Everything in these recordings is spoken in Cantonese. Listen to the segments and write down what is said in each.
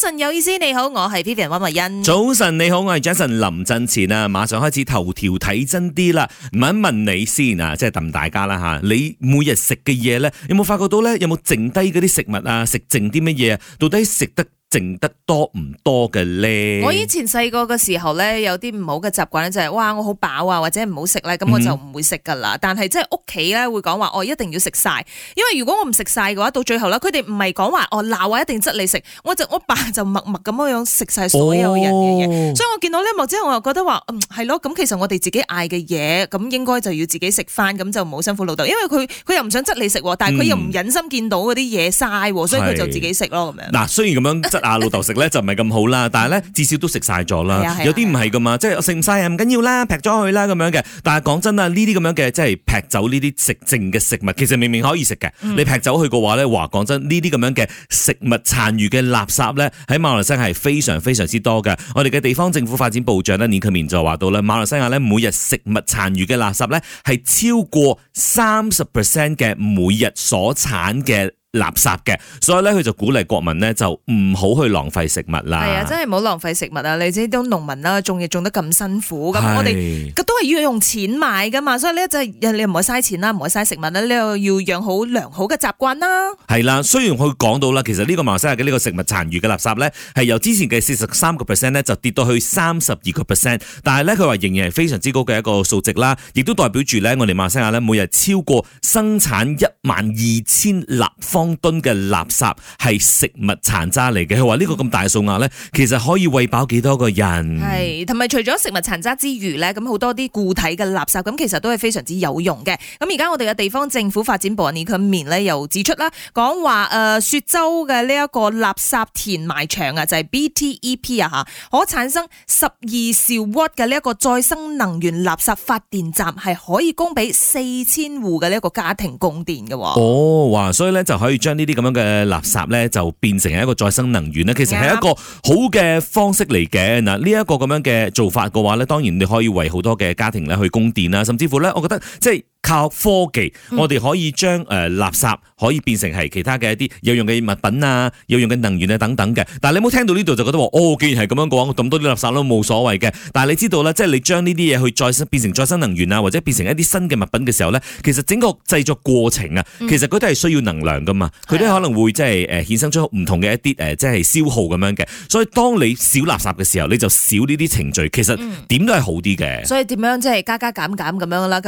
早晨有意思，你好，我係 Vivian 溫慧欣。早晨你好，我係 Jason 林振前啊，馬上開始頭條睇真啲啦。問一問你先啊，即係問大家啦吓，你每日食嘅嘢呢，有冇發覺到呢？有冇剩低嗰啲食物啊？食剩啲乜嘢啊？到底食得？剩得多唔多嘅咧？我以前細個嘅時候咧，有啲唔好嘅習慣咧，就係哇，我好飽啊，或者唔好食咧，咁我就唔會食噶啦。但係即係屋企咧會講話，我一定要食晒，因為如果我唔食晒嘅話，到最後啦，佢哋唔係講話哦鬧啊，一定窒你食。我就我爸就默默咁樣食晒所有人嘅嘢，所以我見到呢幕之後，我就覺得話，嗯係咯，咁其實我哋自己嗌嘅嘢，咁應該就要自己食翻，咁就唔好辛苦老豆，因為佢佢又唔想窒你食，但係佢又唔忍心見到嗰啲嘢嘥，所以佢就自己食咯咁樣。嗱，雖然咁樣。阿老豆食咧就唔係咁好啦，但係咧至少都食晒咗啦。有啲唔係噶嘛，即係食唔曬唔緊要啦，劈咗佢啦咁樣嘅。但係講真啊，呢啲咁樣嘅即係劈走呢啲食剩嘅食物，其實明明可以食嘅，嗯，你劈走去嘅話咧，話講真，呢啲咁樣嘅食物殘餘嘅垃圾咧，喺馬來西亞係非常非常之多嘅。我哋嘅地方政府發展部長呢，倪可敏就話到啦，馬來西亞咧每日食物殘餘嘅垃圾咧係超過三十 percent 嘅每日所產嘅。垃圾嘅，所以咧佢就鼓勵國民呢，就唔好去浪費食物啦。係啊，真係唔好浪費食物啊！你知啲農民啦、啊，種嘢種得咁辛苦，咁我哋，都係要用錢買噶嘛，所以咧就你唔好嘥錢啦，唔好嘥食物啦，你又要養好良好嘅習慣啦。係啦、啊，雖然佢講到啦，其實呢個馬來西亞嘅呢個食物殘餘嘅垃圾咧，係由之前嘅四十三個 percent 咧，就跌到去三十二個 percent，但係咧佢話仍然係非常之高嘅一個數值啦，亦都代表住咧，我哋馬來西亞咧每日超過生產一萬二千立方。方噸嘅垃圾係食物殘渣嚟嘅，佢話呢個咁大數額咧，其實可以餵飽幾多個人？係同埋，除咗食物殘渣之餘咧，咁好多啲固體嘅垃圾，咁其實都係非常之有用嘅。咁而家我哋嘅地方政府發展部呢個面咧，又指出啦，講話誒，雪州嘅呢一個垃圾填埋場啊，就係 BTEP 啊吓，可產生十二兆瓦嘅呢一個再生能源垃圾發電站，係可以供俾四千戶嘅呢一個家庭供電嘅。哦，哇！所以咧就喺可以將呢啲咁樣嘅垃圾呢，就變成一個再生能源呢，其實係一個好嘅方式嚟嘅。嗱，呢一個咁樣嘅做法嘅話呢，當然你可以為好多嘅家庭咧去供電啦，甚至乎呢，我覺得即係。即係靠科技，嗯、我哋可以將、呃、垃圾可以變成係其他嘅一啲有用嘅物品啊，有用嘅能源啊等等嘅。但係你冇聽到呢度就覺得哦，既然係咁樣講，咁多啲垃圾都、啊、冇所謂嘅。但係你知道啦，即係你將呢啲嘢去再生變成再生能源啊，或者變成一啲新嘅物品嘅時候咧，其實整個製作過程啊、嗯，其實佢都係需要能量噶嘛，佢都可能會即係誒衍生出唔同嘅一啲、呃、即係消耗咁樣嘅。所以當你少垃圾嘅時候，你就少呢啲程序，其實都點都係好啲嘅。所以點樣即係加加減減咁樣啦？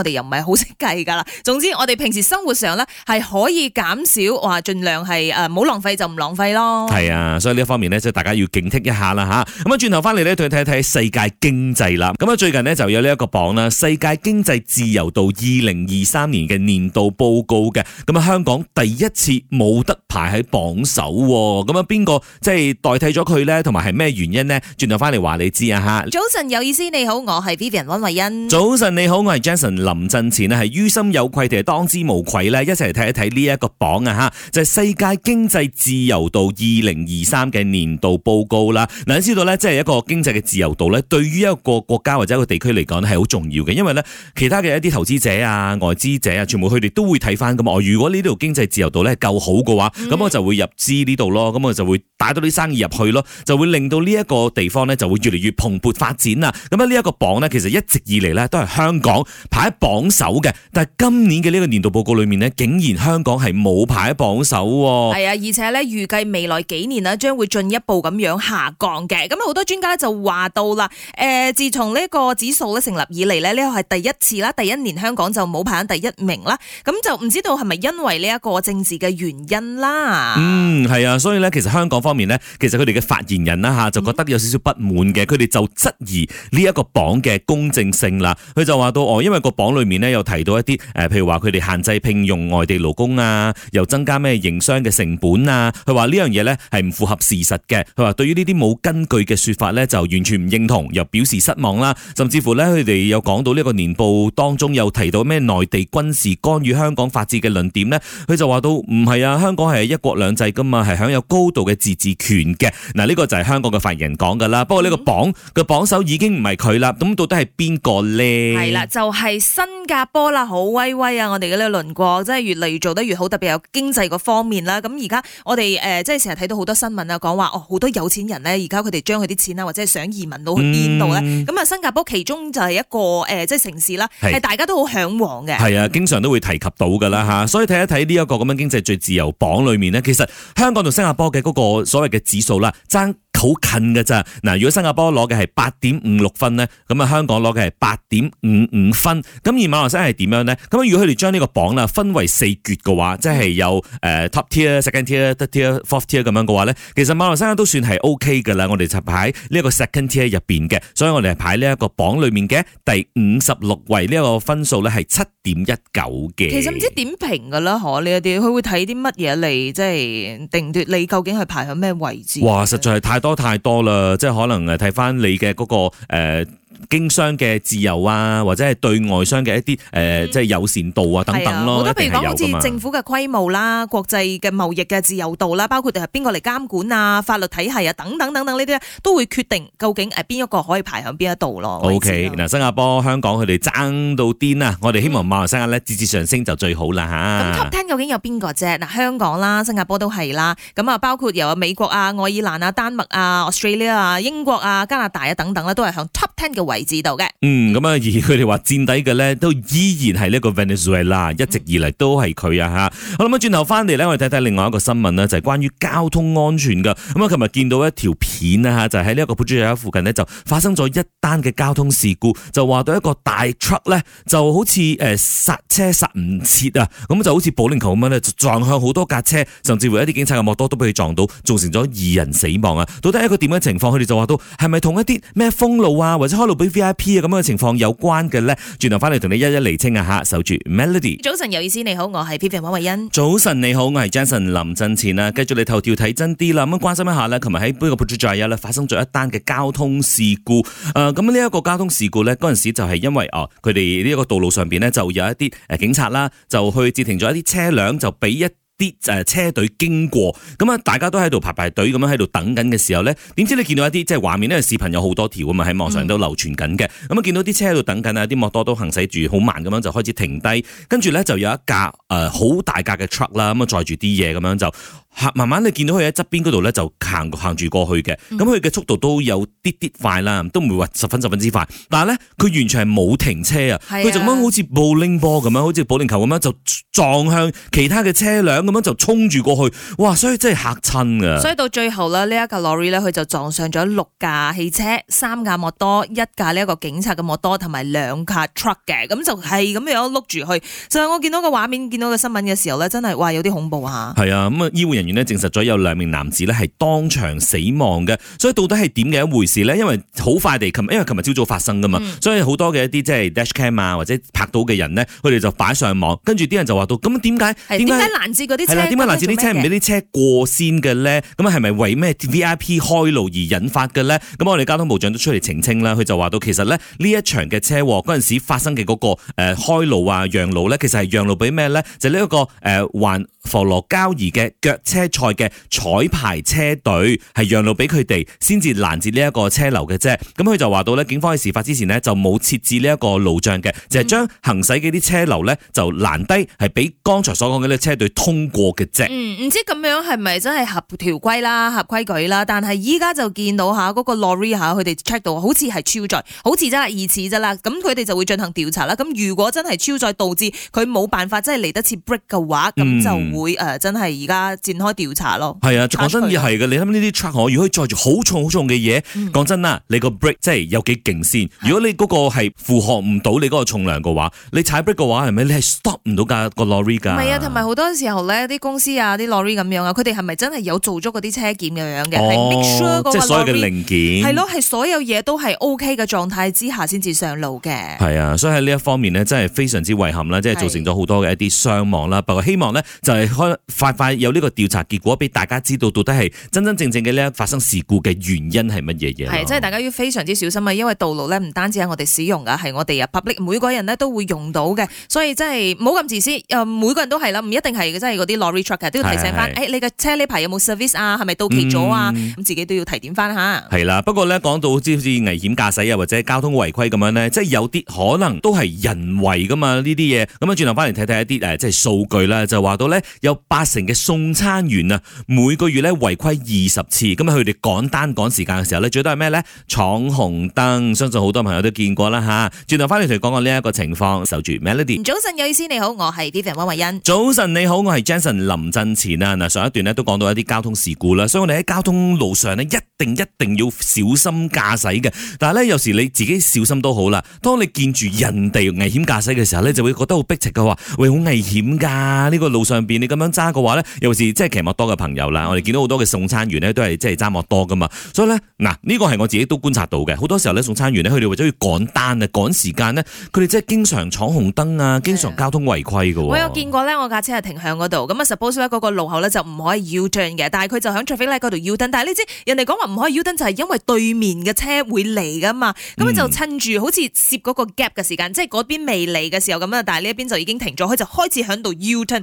我哋。唔係好識計噶啦，總之我哋平時生活上呢係可以減少，話盡量係誒冇浪費就唔浪費咯。係啊，所以呢一方面呢，即係大家要警惕一下啦吓。咁啊，轉頭翻嚟呢，再睇睇世界經濟啦。咁啊，最近呢，就有呢一個榜啦，《世界經濟自由度二零二三年嘅年度報告》嘅。咁啊，香港第一次冇得排喺榜首，咁啊，邊個即係代替咗佢呢？同埋係咩原因呢？轉頭翻嚟話你知啊吓。早晨有意思，你好，我係 Vivian 溫慧欣。早晨你好，我係 Jason 林。唔，振前咧係於心有愧定係當之無愧呢？一齊嚟睇一睇呢一個榜啊！吓，就係、是、世界經濟自由度二零二三嘅年度報告啦。嗱，你知道呢，即係一個經濟嘅自由度呢，對於一個國家或者一個地區嚟講咧，係好重要嘅，因為呢，其他嘅一啲投資者啊、外資者啊，全部佢哋都會睇翻，咁我如果呢度經濟自由度呢夠好嘅話，咁、嗯、我就會入資呢度咯，咁我就會帶到啲生意入去咯，就會令到呢一個地方呢，就會越嚟越蓬勃發展啊！咁啊，呢一個榜呢，其實一直以嚟呢，都係香港排喺榜。榜首嘅，但係今年嘅呢個年度報告裏面咧，竟然香港係冇排喺榜首。哦。係啊，而且咧預計未來幾年啦，將會進一步咁樣下降嘅。咁好多專家咧就話到啦，誒、呃，自從呢個指數咧成立以嚟咧，呢、呢個係第一次啦，第一年香港就冇排喺第一名啦。咁就唔知道係咪因為呢一個政治嘅原因啦？嗯，係啊，所以咧，其實香港方面咧，其實佢哋嘅發言人啦、啊、吓，就覺得有少少不滿嘅，佢、嗯、哋就質疑呢一個榜嘅公正性啦。佢就話到哦，因為嗰個榜裏面咧又提到一啲，誒，譬如話佢哋限制聘用外地勞工啊，又增加咩營商嘅成本啊，佢話呢樣嘢呢係唔符合事實嘅。佢話對於呢啲冇根據嘅説法呢，就完全唔認同，又表示失望啦。甚至乎呢，佢哋有講到呢個年報當中有提到咩內地軍事干預香港法治嘅論點呢，佢就話到唔係啊，香港係一國兩制㗎嘛，係享有高度嘅自治權嘅。嗱，呢個就係香港嘅發言人講㗎啦。不過呢個榜嘅榜首已經唔係佢啦，咁到底係邊個呢？係啦，就係、是、新。新加坡啦，好威威啊！我哋嗰啲輪廓真係越嚟越做得越好，特別有經濟個方面啦。咁而家我哋誒、呃，即係成日睇到好多新聞啊，講話哦，好多有錢人咧，而家佢哋將佢啲錢啊，或者係想移民到去邊度咧？咁、嗯、啊，新加坡其中就係一個誒、呃，即係城市啦，係大家都好向往嘅。係啊，經常都會提及到㗎啦吓。所以睇一睇呢一個咁樣經濟最自由榜裏面咧，其實香港同新加坡嘅嗰個所謂嘅指數啦，爭。好近㗎咋嗱？如果新加坡攞嘅係八點五六分咧，咁啊香港攞嘅係八點五五分，咁而馬來西亞係點樣咧？咁啊如果佢哋將呢個榜啦分為四橛嘅話，即係有誒 top tier、second tier、third tier、fourth tier 咁樣嘅話咧，其實馬來西亞都算係 OK 嘅啦。我哋就排呢一個 second tier 入邊嘅，所以我哋係排呢一個榜裏面嘅第五十六位，呢一個分數咧係七點一九嘅。其實唔知點評噶啦，可呢一啲佢會睇啲乜嘢嚟即係定奪你究竟係排響咩位置？哇！實在係太多。太多啦，即係可能誒睇翻你嘅嗰個誒。經商嘅自由啊，或者係對外商嘅一啲誒、嗯呃，即係友善度啊，等等咯、啊，好、啊、多譬如講，好似政府嘅規模啦、國際嘅貿易嘅自由度啦，包括係邊個嚟監管啊、法律體系啊，等等等等呢啲都會決定究竟誒邊一個可以排響邊一度咯。O K，嗱，新加坡、香港佢哋爭到癲啊！我哋希望馬來西亞咧節節上升就最好啦吓、啊，咁 top ten 究竟有邊個啫？嗱，香港啦、新加坡都係啦，咁啊，包括由美國啊、愛爾蘭啊、丹麥啊、Australia 啊、英國啊、加拿大啊等等啦，都係向 top。嘅位置度嘅，嗯，咁啊，而佢哋話墊底嘅咧，都依然係呢個 Venezuela，一直以嚟都係佢啊吓。好啦，咁啊，轉頭翻嚟咧，我哋睇睇另外一個新聞啦，就係關於交通安全噶。咁啊，琴日見到一條片啊吓，就喺呢一個普朱亞附近呢，就發生咗一單嘅交通事故，就話到一個大 truck 咧，就好似誒剎車剎唔切啊，咁就好似保齡球咁樣咧，撞向好多架車，甚至乎一啲警察嘅摩托都俾佢撞到，造成咗二人死亡啊！到底一個點樣嘅情況？佢哋就話到，係咪同一啲咩封路啊？開路俾 VIP 啊！咁樣嘅情況有關嘅咧，轉頭翻嚟，同你一一釐清啊！吓，守住 Melody。早晨，有意思，你好，我係 Peter 黃慧欣。早晨，你好，我係 Jason 林振前啊！繼續嚟頭條睇真啲啦，咁樣關心一下咧，琴日喺呢個 Project Joy 咧發生咗一單嘅交通事故。誒，咁呢一個交通事故咧，嗰陣時就係因為哦，佢哋呢一個道路上邊咧就有一啲誒警察啦，就去截停咗一啲車輛，就俾一。啲車隊經過，咁啊大家都喺度排排隊咁樣喺度等緊嘅時候咧，點知你見到一啲即係畫面咧，因為視頻有好多條咁嘛，喺網上都流傳緊嘅。咁啊，見到啲車喺度等緊啊，啲摩托都行駛住好慢咁樣就開始停低，跟住咧就有一架呃、好大架嘅 truck 啦，咁啊載住啲嘢咁樣就。行慢慢，你見到佢喺側邊嗰度咧就行行住過去嘅，咁佢嘅速度都有啲啲快啦，都唔會話十分十分之快。但係咧佢完全係冇停車啊，佢就咁樣好似保齡波咁樣，好似保齡球咁樣就撞向其他嘅車輛咁樣就衝住過去，哇！所以真係吓親啊。所以到最後咧，呢一架 lorry 咧，佢就撞上咗六架汽車、三架摩托、一架呢一個警察嘅摩托，同埋兩架 truck 嘅，咁就係咁樣碌住去。就係我見到個畫面、見到個新聞嘅時候咧，真係哇有啲恐怖吓。係啊，咁啊醫護人員。人員咧證實咗有兩名男子咧係當場死亡嘅，所以到底係點嘅一回事咧？因為好快地，琴因為琴日朝早發生噶嘛，嗯、所以好多嘅一啲即係 Dashcam 啊，或者拍到嘅人咧，佢哋就擺上網，跟住啲人就話到咁點解點解攔截嗰啲車？係啦，點解攔截啲車？唔俾啲車過線嘅咧？咁係咪為咩 VIP 開路而引發嘅咧？咁我哋交通部長都出嚟澄清啦，佢就話到其實咧呢一場嘅車禍嗰陣時發生嘅嗰個誒開路啊讓路咧，其實係讓路俾咩咧？就呢、是、一、這個誒環、呃、佛羅交而嘅腳車賽嘅彩排車隊係讓路俾佢哋，先至攔截呢一個車流嘅啫。咁佢就話到咧，警方喺事發之前呢，就冇設置呢一個路障嘅，就係將行駛嘅啲車流咧就攔低，係俾剛才所講嘅呢車隊通過嘅啫。嗯，唔知咁樣係咪真係合條規啦，合規矩啦？但係依家就見到吓嗰個 lorry 吓，佢哋 check 到好似係超載，好似真係疑似啫啦。咁佢哋就會進行調查啦。咁如果真係超載導致佢冇辦法真係嚟得切 break 嘅話，咁就會誒、嗯呃、真係而家戰開調查咯，係啊，講真亦係嘅。你諗呢啲 truck 可，如果載住好重好重嘅嘢，講真啦，你個 brake 即係有幾勁先。如果你嗰個係負荷唔到你嗰個重量嘅話，的你踩 brake 嘅話係咪你係 stop 唔到架個 lorry 噶？唔係啊，同埋好多時候咧，啲公司啊，啲 lorry 咁樣啊，佢哋係咪真係有做足嗰啲車檢咁樣嘅？哦，即係所有嘅零件係咯，係所有嘢都係 OK 嘅狀態之下先至上路嘅。係啊，所以喺呢一方面咧，真係非常之遺憾啦，即係造成咗好多嘅一啲傷亡啦。不過希望咧，就係、是、開快快有呢個調。查結果俾大家知道，到底係真真正正嘅咧發生事故嘅原因係乜嘢嘢？係，即係大家要非常之小心啊！因為道路咧唔單止係我哋使用噶，係我哋啊，public，每個人咧都會用到嘅，所以真係唔好咁自私。誒，每個人都係啦，唔一定係即係嗰啲 lorry trucker 都要提醒翻，誒，你嘅車呢排有冇 service 啊？係咪到期咗啊？咁自己都要提點翻吓。係啦，不過咧講到好似危險駕駛啊，或者交通違規咁樣咧，即係有啲可能都係人為噶嘛呢啲嘢。咁啊，轉頭翻嚟睇睇一啲誒，即係數據啦，就話到咧有八成嘅送餐員啊，每個月咧違規二十次，咁啊佢哋趕單趕時間嘅時候咧，最多係咩咧？闖紅燈，相信好多朋友都見過啦吓。轉頭翻嚟同你講過呢一個情況，守住 Melody。早晨，有意思你好，我係 Vivian 汪慧欣。早晨你好，我係 Jason 林振前啊。嗱上一段咧都講到一啲交通事故啦，所以我哋喺交通路上呢，一定一定要小心駕駛嘅。但係咧有時你自己小心都好啦，當你見住人哋危險駕駛嘅時候咧，就會覺得好逼切嘅話，喂好危險噶，呢個路上邊你咁樣揸嘅話咧，尤其是即係。騎木多嘅朋友啦，我哋見到好多嘅送餐員咧，都係即係揸木多噶嘛，所以咧嗱呢個係我自己都觀察到嘅，好多時候咧送餐員咧，佢哋為咗要趕單啊、趕時間呢，佢哋即係經常闖紅燈啊，經常交通違規噶。我有見過咧，我架車係停向嗰度，咁啊 suppose 咧嗰個路口咧就唔可以 U t 嘅，但係佢就響 traffic light 嗰度 U t 但係你知人哋講話唔可以 U t 就係因為對面嘅車會嚟噶嘛，咁啊就趁住、嗯、好似攝嗰個 gap 嘅時間，即係嗰邊未嚟嘅時候咁啊，但係呢一邊就已經停咗，佢就開始響度 U t u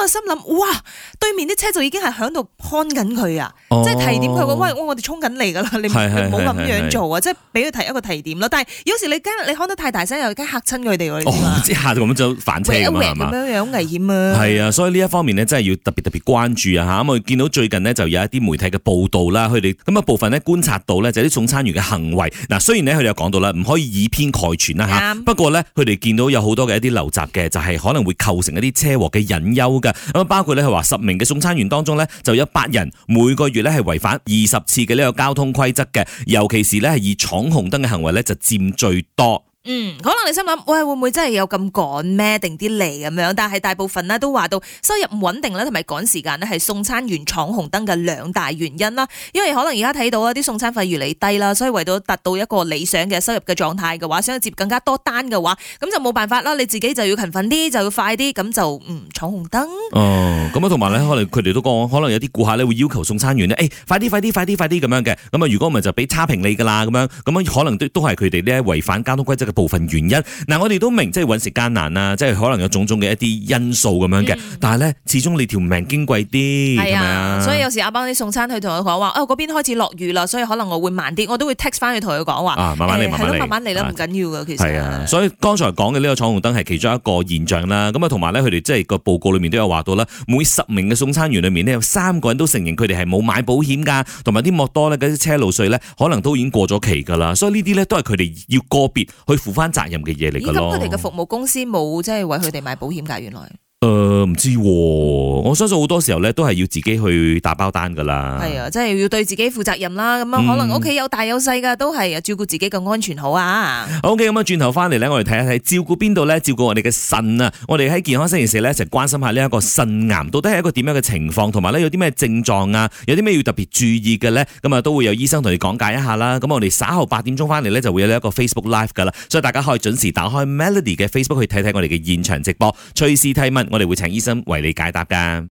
我心諗哇，對面啲車。即就已經係響度看緊佢啊！即、哦、係提點佢喂，我哋衝緊嚟㗎啦，你唔好咁樣做啊！即係俾佢提一個提點咯。但係有時你今日你看得太大聲，又驚嚇親佢哋喎。哦，即係嚇到咁就反車咁，嘛，係嘛？咁樣樣危險啊！係啊，所以呢一方面咧，真係要特別特別關注啊！嚇咁我見到最近呢，就有一啲媒體嘅報導啦，佢哋咁啊部分咧觀察到咧就啲送餐員嘅行為嗱、啊，雖然咧佢哋又講到啦，唔可以以偏概全啦嚇、啊。不過咧，佢哋見到有好多嘅一啲陋習嘅，就係可能會構成一啲車禍嘅隱憂嘅咁、啊、包括咧係話十名嘅送餐員當中咧就有八人，每個月咧係違反二十次嘅呢個交通規則嘅，尤其是咧係以闖紅燈嘅行為咧就佔最多。嗯，可能你心諗，喂，會唔會真係有咁趕咩？定啲嚟咁樣？但係大部分咧都話到收入唔穩定咧，同埋趕時間咧係送餐員闖紅燈嘅兩大原因啦。因為可能而家睇到啊，啲送餐費越嚟越低啦，所以為到達到一個理想嘅收入嘅狀態嘅話，想接更加多單嘅話，咁就冇辦法啦。你自己就要勤奮啲，就要快啲，咁就嗯闖紅燈。哦，咁啊，同埋咧，可能佢哋都講，可能有啲顧客咧會要求送餐員咧，誒，快啲，快啲，快啲，快啲咁樣嘅。咁啊，如果唔係就俾差評你噶啦，咁樣，咁樣可能都都係佢哋咧違反交通規則嘅部分原因嗱、啊，我哋都明即係揾食艱難啦，即係可能有種種嘅一啲因素咁樣嘅、嗯。但係咧，始終你條命矜貴啲，係啊。所以有時阿邦啲送餐去同佢講話，哦嗰邊開始落雨啦，所以可能我會慢啲，我都會 text 翻去同佢講話。慢慢嚟、欸，慢慢嚟啦，啊、唔緊要嘅其實，係啊。所以剛才講嘅呢個闖紅燈係其中一個現象啦。咁啊，同埋咧佢哋即係個報告裏面都有話到啦，每十名嘅送餐員裏面咧有三個人都承認佢哋係冇買保險噶，同埋啲莫多咧嗰啲車路稅咧可能都已經過咗期噶啦。所以呢啲咧都係佢哋要個別去。負翻責任嘅嘢嚟㗎咯。佢哋嘅服務公司冇即係為佢哋買保險㗎？原來。誒、呃，唔知道，啊，我相信好多時候咧，都係要自己去打包單噶啦。係啊，即係要對自己負責任啦。咁啊，可能屋企有大有細噶，嗯，都係照顧自己嘅安全好啊。OK，咁啊，轉頭翻嚟咧，我哋睇一睇照顧邊度咧，照顧我哋嘅腎啊。我哋喺健康星期四咧，一齊關心下呢一個腎癌到底係一個點樣嘅情況，同埋咧有啲咩症狀啊，有啲咩要特別注意嘅咧，咁啊，都會有醫生同你講解一下啦。咁我哋稍後八點鐘翻嚟咧，就會有呢一個 Facebook Live 噶啦，所以大家可以準時打開 Melody 嘅 Facebook 去睇睇我哋嘅現場直播，隨時提問。我哋會請醫生為你解答噶。